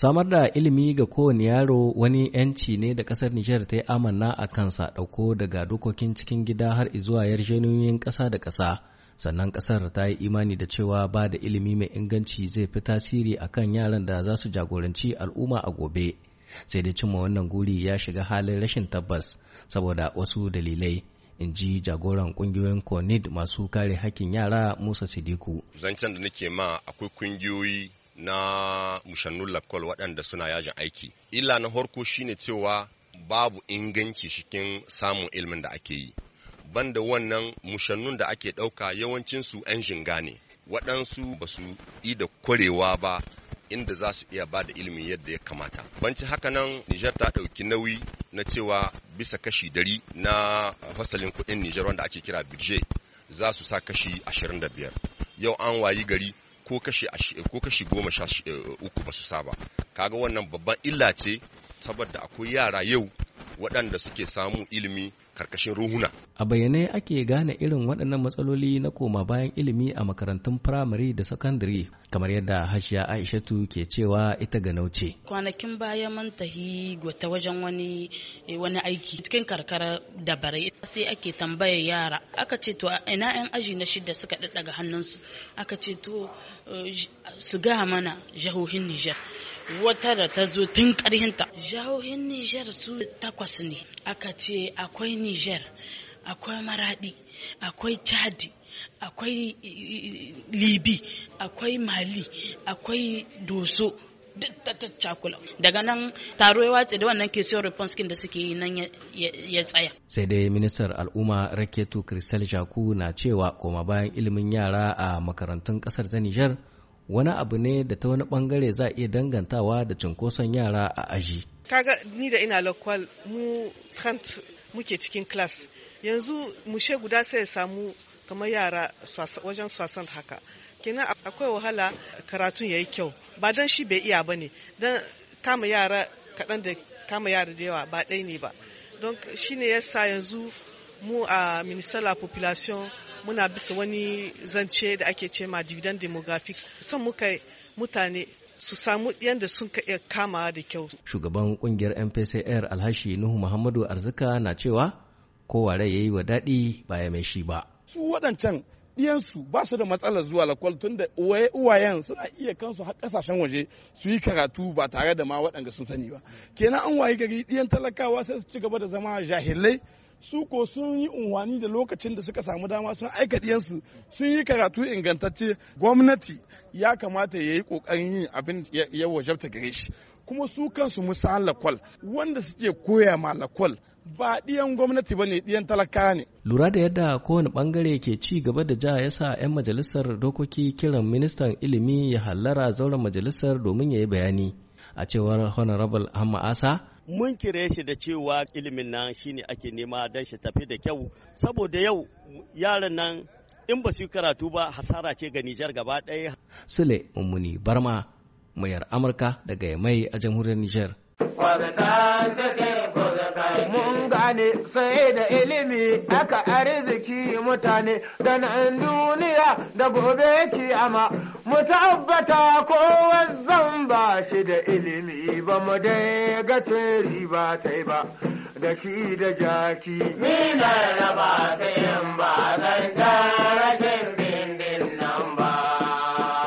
samar da ilimi ga kowane yaro wani 'yanci ne da kasar nijar ta yi amanna a kansa ɗauko daga dokokin cikin gida har zuwa yarjejeniyoyin ƙasa da ƙasa sannan ƙasar ta yi imani da cewa ba da ilimi mai inganci zai fi tasiri a kan yaran da za su jagoranci al'umma a gobe sai da cimma wannan guri ya shiga halin rashin tabbas saboda wasu dalilai in ji jagoran kungiyoyin konid masu kare hakkin yara musa sidiku zancen da nake ma akwai kungiyoyi na mushannun lakwal waɗanda suna yajin aiki illa na harko shine cewa babu inganci cikin samun ilmin da ake yi banda wannan mushannun da ake ɗauka yawancinsu 'yan jinga ne waɗansu ba su yi da kwarewa ba inda za su iya ba da ilimin yadda ya kamata. Banci haka nan Nijar ta ɗauki nauyi na cewa bisa kashi dari na fasalin kuɗin Nijar wanda ake kira birje za su sa kashi 25. Yau an wayi gari ko kashi ko kashi goma sha eh, uku ba su saba kaga wannan babban illa ce saboda akwai yara yau waɗanda suke samun ilimi karkashin ruhuna. A bayyane ake gane irin waɗannan matsaloli na koma bayan ilimi a makarantun firamare da sakandare kamar yadda Hajiya Aishatu ke cewa ita ga nauce. Kwanakin baya mun tahi gwata wajen wani eh, wani aiki cikin karkara da bare sai ake tambaya yara aka ce to ina yan aji na shida suka daddaga hannunsu aka ce to eh, su ga mana jahohin Nijar wata da ta zo tun karhinta jahohin Nijar su takwas ne aka ce akwai Niger, akwai Maradi, akwai Chadi, akwai eh, Libi, akwai Mali, akwai Doso. duk ta daga nan taro ya watse da wannan ke siyo response kin da suke yi nan ya tsaya sai dai ministar al'umma raketu kristal shaku na cewa koma bayan ilimin yara a makarantun kasar ta nijar wani abu ne da ta wani bangare za a iya dangantawa da cunkoson yara a aji kaga ni da ina lokwal mu muke cikin class yanzu mushe guda sai ya samu kamar yara wajen swasan haka kenan akwai wahala karatun yayi kyau ba don shi bai iya ba ne don kama yara kaɗan da kama yara da yawa ba ɗai ne ba don shi ne yasa yanzu mu a minister la population muna bisa wani zance da ake ce ma dividend demographic son muka mutane su samu yadda sun ka iya kama da kyau. Shugaban kungiyar MPCR Alhashi Nuhu Muhammadu Arzika na cewa kowa rai yayi wa daɗi baya mai shi ba. Su waɗancan ɗiyansu ba su da matsalar zuwa lakwal tun da uwayen suna iya kansu har ƙasashen waje su yi karatu ba tare da ma waɗanda sun sani ba. Kenan an waye gari ɗiyan talakawa sai su ci gaba da zama jahilai su ko sun yi unwani da lokacin da suka samu dama sun aika diyansu sun yi karatu ingantacce gwamnati ya kamata ya yi kokarin yin abin ya wajabta gare shi kuma su kansu musa lakwal wanda suke koya ma lakwal ba ɗiyan gwamnati ba ne ɗiyan talaka ne. Lura da yadda kowane ɓangare ke ci gaba da ja yasa 'yan majalisar dokoki kiran ministan ilimi ya hallara zauren majalisar domin ya yi bayani. A cewar Honorable Hamma Asa, mun kire shi da cewa ilimin nan shine ake nema don shi tafi da kyau saboda yau yaran nan in ba su yi karatu ba hasara ce ga Nijar gaba ɗaya. Sule Mummuni Barma, mayar Amurka daga mai a jamhuriyar Nijar. Mun gane sai da ilimi aka arziki mutane da nan duniya da gobe kiyama mu tabbata kowa shi da ilimi ba mu dai ga ba ta ba da shi da jaki. Ni na raba ta yin ba zan